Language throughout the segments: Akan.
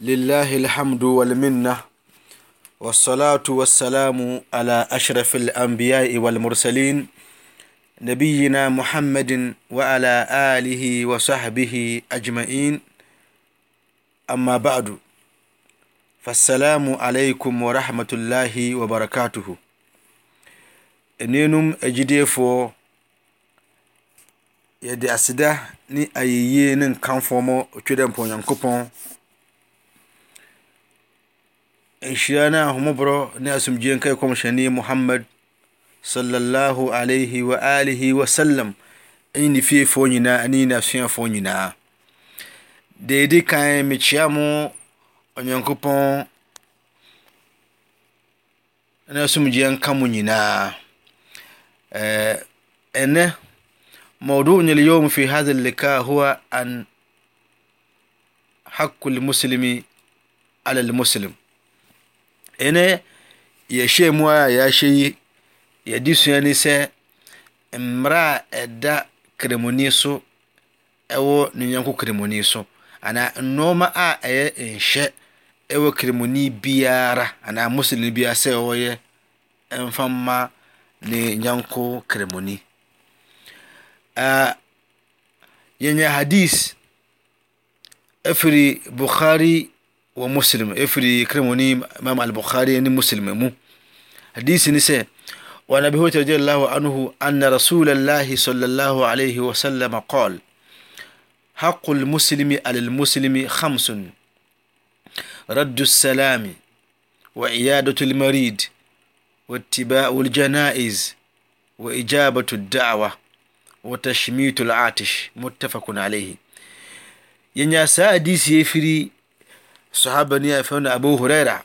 lillahi alhamdu wal minna wasalatu wasalamu ala ashirafil an biyayi wal mursalin na muhammadin wa ala alihi wa sahabihi a amma ba'adu fasalamu alaikum wa rahmatullahi wa barakatuhu ninum a jidefo yadda a sida ni ayyiyenin kanfomo a cuden ponyankupon إشيانا مبرو ناسم جين كيكم شني محمد صلى الله عليه وآله وسلم إني في فونينا أني نفسي فونينا deede kan mekyia mo onyankopɔn na asomgyeɛ nka mo nyinaa ɛnɛ موضوعنا اليوم في هذا اللقاء هو عن حق المسلم على المسلم ɛnɛ yɛhyɛ mu a yɛahyɛ yi yɛde sua ne sɛ mmara a ɛda kremoni so ɛwɔ ne nyɔnko kremoni so anaa nneɛma a ɛyɛ nhyɛ ɛwɔ kremoni biara anaa muslim biara sɛ ɔyɛ mfa mma ne nyɔnko kremoni uh, yɛnyɛ hadis ɛfiri bukhari ومسلم افري كرموني امام البخاري ان مسلم مو حديث نساء وعن ابي هريره رضي الله عنه ان رسول الله صلى الله عليه وسلم قال حق المسلم على المسلم خمس رد السلام وعياده المريض واتباع الجنائز واجابه الدعوه وتشميت العاتش متفق عليه ينيا سادس يفري saabanifn abohraira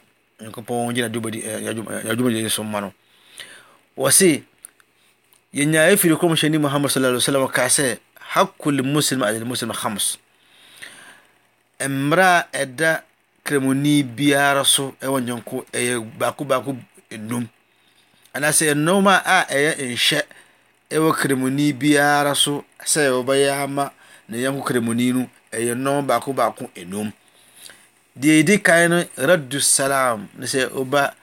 wɔ se yɛnya firi kohyɛ n muhamad s lm ɔkasɛ hacl muslm ay muslm hams mmrɛ ɛda kremuni biara so ɔynk ɛ baakbak nm anasɛ nom aa ɛyɛ nhyɛ wɔ kremoni biara so sɛ ɔbɛyɛ ama ne ynko kremni n yɛ nnm baakobaako n deɛ ɛdi kan no raddu salam ne sɛ woba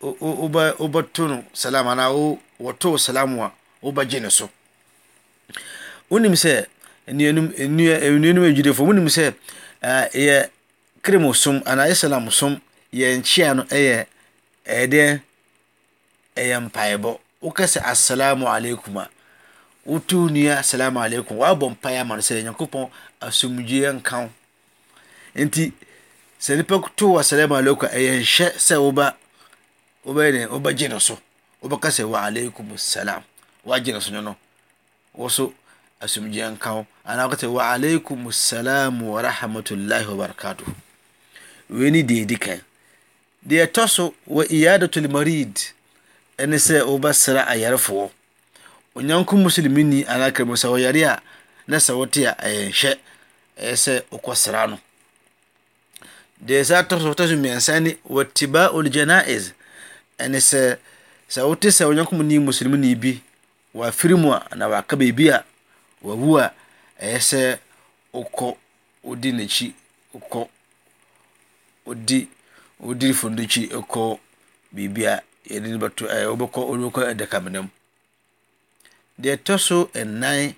woba wobɛto no salam anaa wo wɔtoo salam a wobɛgye ne so wonim sɛ nnuanum adwudefoɔ wonim sɛ yɛ krem som anaa yɛ salam som yɛ nkyea no ɛyɛ ɛdeɛ ɛyɛ mpaebɔ woka sɛ assalamu alaikum a woto nnua assalamu alaikum woabɔ mpaeɛ ama no sɛ nyankopɔn asomdwee nka nti to wa salamu alaikum ɛyɛnhyɛ sɛ woba wobɛyɛ wobɛgye no so wobɛka sɛ wa alaikum salam woagye no so no no wo so asomgyea nka wo anaa wa alaikum salam wa rahmatulahi wa barakatuhu wei ni deɛ di kan deɛ ɛtɔ so wa iyadatul marid ɛne sɛ wobɛsra ayarefoɔ onyanko muslimini anaa kramu sɛ wɔyare a na sɛ wote a ɛyɛnhyɛ ɛyɛ sɛ wokɔsra no déjà torsofota su men sani wattibaul janaiz ani sa sa wuti sa wanyanku mu ni muslimu ni bi wa firimu na wa kabe biya wa wuwa a eh, yi sa uko udi na ci uko udi udi fundu ci uko bibiya ya ni batu a yi eh, wa bako ulu ko da kamanin da ta so ennai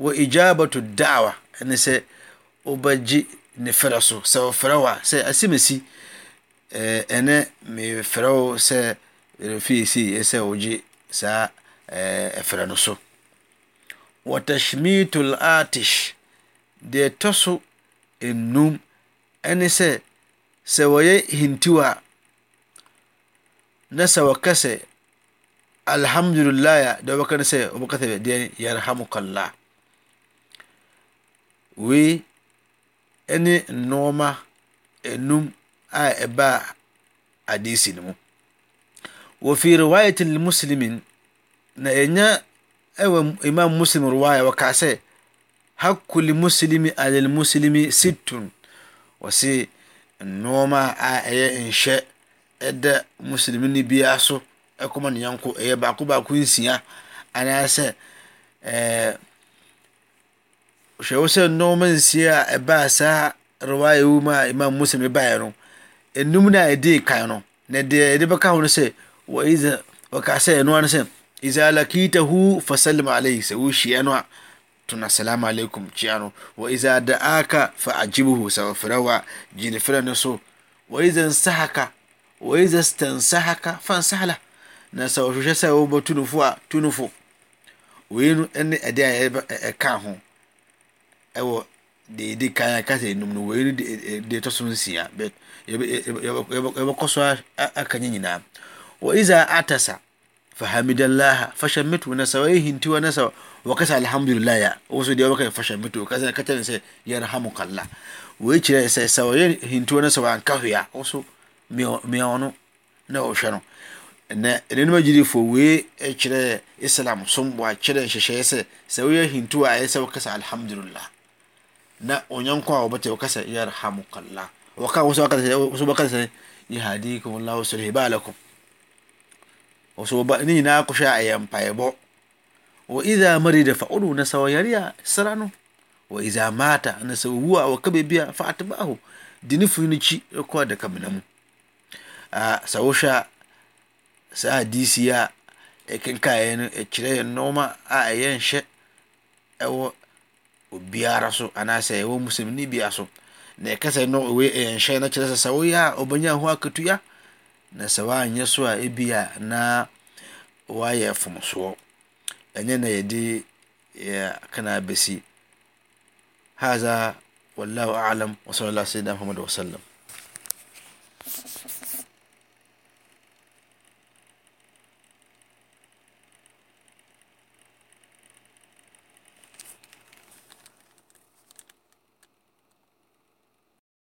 wa ijabatu da'awa ani sa ubaji ne frɛ so sɛ wɔfrɛ wo a sɛ asɛm asi ɛnɛ mefrɛ wo sɛ fie sei sɛ wogye saa ɛfrɛ no so watashmito latish deɛ ɛtɔ so nnum ɛne sɛ sɛ wɔyɛ hintiw a na sɛ wɔka sɛ alhamdulilahi deɛ wɔbɛka no sɛ wɔbɛka sɛ deɛ yarhamukallah wei ne nneɛma nnum a ɛba adeesi no mu wofi riwayet lmuslimin na ɛnya ɛwɔ imam muslim riwaya wɔkaa sɛ hakku lmuslimi alalmuslimi sittun wɔse nneɔma a ɛyɛ nhyɛ ɛda muslimi no biara so ɛkɔma ne yanko ɛyɛ baako baako nsia anaasɛ eh, shawusan noman siya ba sa wu ma imam muslim ba yano enum na ya kan no na da edi ba ka hono se wa iza wa ka se no an ki iza lakitahu fasallim alayhi sa wushi anwa tuna salamu alaikum ciyano wa iza da aka fa ajibuhu sawfirawa jinifira na so wa iza sahaka wa iza stansahaka fansahala na sawshushe sawo ba tunufu tunufu wenu ene edi e, e ka ho ɛwɔ deɛ yɛdi kan a kasa enum no wɔyɛ deɛ ɛtɔ so nsia bɛt yɛbɛkɔ so aka nye nyinaa wɔ iza atasa fahamidallaha fashammitu na sawa hintiwa na sawa wakasa alhamdulillah ya wasu da waka fashammitu kasa kata ne sai yarhamukallah wai kire sai sawa hintiwa na sawa an kahuya wasu me ono na ohwe no na ɛnɛnum agyirifo wei kyerɛ islam somboa kyerɛ nhyehyɛeɛ sɛ sɛ woyɛ hintiwa ayɛ sɛ wokasa alhamdulillah na onyankwa wa bata wakasa ya rahamukallah waka wasu wakasa wasu wakasa ya hadikum Allah sulhi balakum wasu ba ni na ku sha ayan fayebo wa idha marida fa udu na sawariya sarano wa idha mata na sawuwa wa kabebiya fa atbahu dinifu ni ci ko da kamnamu a sawusha sa disiya ekin e cire noma a ayan she ewo obiara so anaasɛ ɛwɔ muslimni bia so na ɛka sɛ no wei ɛnhyɛ no kyerɛ sɛ sɛ woyɛ a ɔbɛnya ho akatua na sɛ woanyɛ so a ebi a na woayɛ fomsoɔ ɛnyɛ na yɛde kana bɛsi haza والله أعلم وصلى الله سيدنا محمد وسلم